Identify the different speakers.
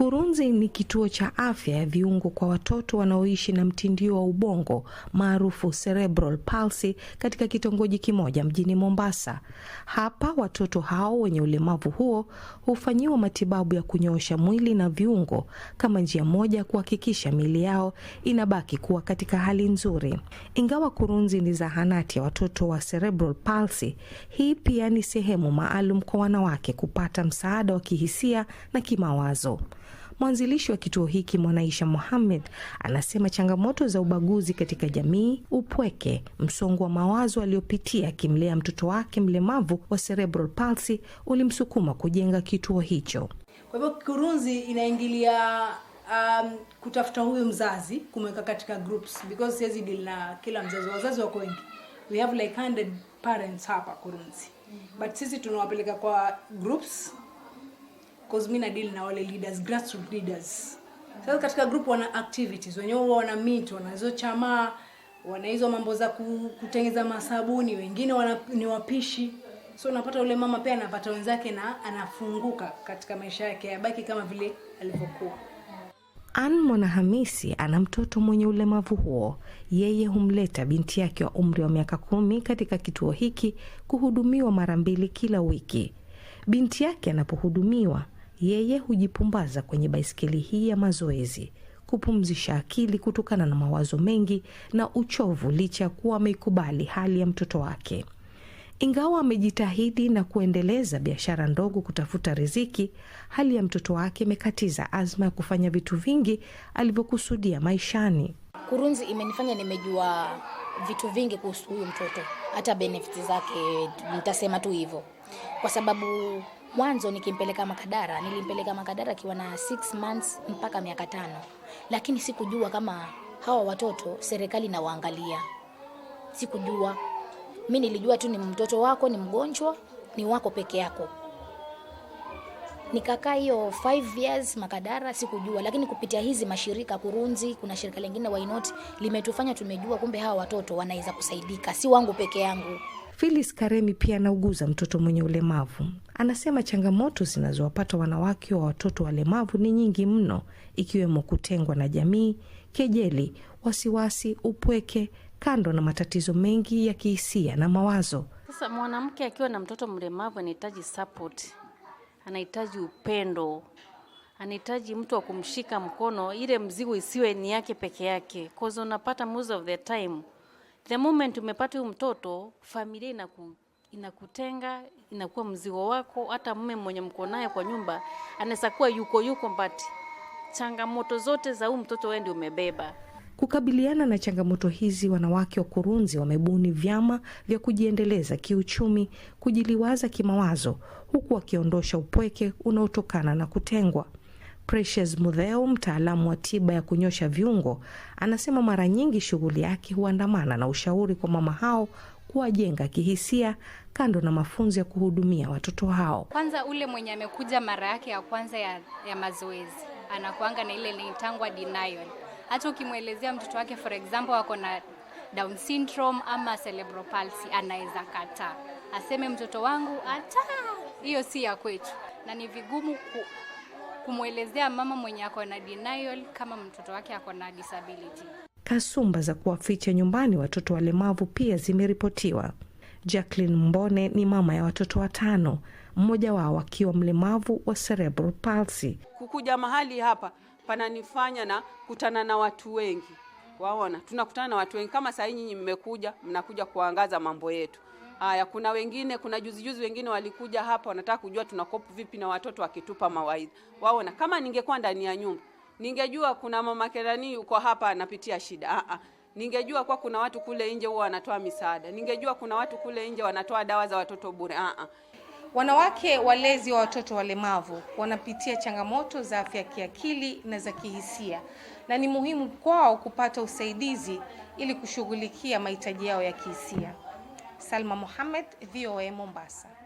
Speaker 1: Kurunzi ni kituo cha afya ya viungo kwa watoto wanaoishi na mtindio wa ubongo maarufu cerebral palsy katika kitongoji kimoja mjini Mombasa. Hapa watoto hao wenye ulemavu huo hufanyiwa matibabu ya kunyoosha mwili na viungo kama njia moja ya kuhakikisha miili yao inabaki kuwa katika hali nzuri. Ingawa Kurunzi ni zahanati ya watoto wa cerebral palsy, hii pia ni sehemu maalum kwa wanawake kupata msaada wa kihisia na kimawazo. Mwanzilishi wa kituo hiki Mwanaisha Mohamed anasema changamoto za ubaguzi katika jamii, upweke, msongo wa mawazo aliyopitia akimlea mtoto wake mlemavu wa cerebral palsy ulimsukuma kujenga kituo hicho.
Speaker 2: Kwa hivyo Kurunzi inaingilia um, kutafuta huyu mzazi kumweka katika groups because siwezi deal na kila mzazi. Wazazi wako wengi, we have like 100 parents hapa Kurunzi, mm-hmm. but sisi tunawapeleka kwa groups cause mimi na deal na wale leaders, grassroots leaders. Sasa katika group wana activities, wenyewe wana meet, hizo chama, wana hizo mambo za kutengeza masabuni, wengine wana, ni wapishi. So unapata ule mama pia anapata wenzake na anafunguka katika maisha yake, yabaki kama vile alivyokuwa.
Speaker 1: Ann Mwanahamisi ana mtoto mwenye ulemavu huo. Yeye humleta binti yake wa umri wa miaka kumi katika kituo hiki kuhudumiwa mara mbili kila wiki. Binti yake anapohudumiwa yeye hujipumbaza kwenye baiskeli hii ya mazoezi kupumzisha akili kutokana na mawazo mengi na uchovu, licha ya kuwa ameikubali hali ya mtoto wake. Ingawa amejitahidi na kuendeleza biashara ndogo kutafuta riziki, hali ya mtoto wake imekatiza azma ya kufanya vitu vingi alivyokusudia maishani.
Speaker 3: Kurunzi imenifanya nimejua vitu vingi kuhusu huyu mtoto, hata benefits zake, nitasema tu hivyo, kwa sababu mwanzo nikimpeleka Makadara, nilimpeleka Makadara akiwa na 6 months mpaka miaka tano, lakini sikujua kama hawa watoto serikali inawaangalia. Sikujua, mi nilijua tu ni mtoto wako ni mgonjwa, ni wako peke yako. Nikakaa hiyo 5 years Makadara, sikujua, lakini kupitia hizi mashirika Kurunzi, kuna shirika lingine Why Not limetufanya tumejua kumbe hawa watoto wanaweza kusaidika, si wangu peke yangu.
Speaker 1: Phyllis Karemi pia anauguza mtoto mwenye ulemavu. Anasema changamoto zinazowapata wanawake wa watoto walemavu ni nyingi mno, ikiwemo kutengwa na jamii, kejeli, wasiwasi, upweke, kando na matatizo mengi ya kihisia na mawazo.
Speaker 4: Sasa mwanamke akiwa na mtoto mlemavu anahitaji support anahitaji upendo, anahitaji mtu wa kumshika mkono, ile mzigo isiwe ni yake peke yake, cause unapata most of the time, the moment umepata huyu mtoto, familia inaku inakutenga inakuwa mzigo wako. Hata mume mwenye mko naye kwa nyumba anaweza kuwa yuko yuko, but changamoto zote za huyu mtoto wewe ndio umebeba.
Speaker 1: Kukabiliana na changamoto hizi, wanawake wa kurunzi wamebuni vyama vya kujiendeleza kiuchumi, kujiliwaza kimawazo, huku wakiondosha upweke unaotokana na kutengwa. Precious Mudheo, mtaalamu wa tiba ya kunyosha viungo, anasema mara nyingi shughuli yake huandamana na ushauri kwa mama hao kuwajenga kihisia, kando na mafunzo ya kuhudumia watoto hao.
Speaker 5: Kwanza ule mwenye amekuja mara yake ya kwanza ya, ya mazoezi anakuanga na ile inaitangwa denial hata ukimwelezea mtoto wake for example wako na Down syndrome ama cerebral palsy, anaweza kataa aseme mtoto wangu hata hiyo si ya kwetu, na ni vigumu ku, kumwelezea mama mwenye ako na denial kama mtoto wake ako na disability.
Speaker 1: Kasumba za kuwaficha nyumbani watoto walemavu pia zimeripotiwa. Jacqueline Mbone ni mama ya watoto watano, mmoja wao akiwa mlemavu wa cerebral palsy.
Speaker 6: Kukuja mahali hapa pananifanya na kutana na watu wengi. Waona, tunakutana na watu wengi kama saa hii nyinyi mmekuja, mnakuja kuangaza mambo yetu haya. Kuna wengine, kuna juzi juzi wengine walikuja hapa, wanataka kujua tunakopu vipi na watoto, wakitupa mawaidha. Waona, kama ningekuwa ndani ya nyumba ningejua kuna mama Kerani yuko hapa anapitia shida a a ningejua kwa kuna watu kule nje huwa wanatoa misaada, ningejua kuna watu kule nje wanatoa dawa za watoto bure a a
Speaker 7: Wanawake walezi wa watoto walemavu wanapitia changamoto za afya ya kiakili na za kihisia, na ni muhimu kwao kupata usaidizi ili kushughulikia mahitaji yao ya kihisia. Salma Mohamed, VOA Mombasa.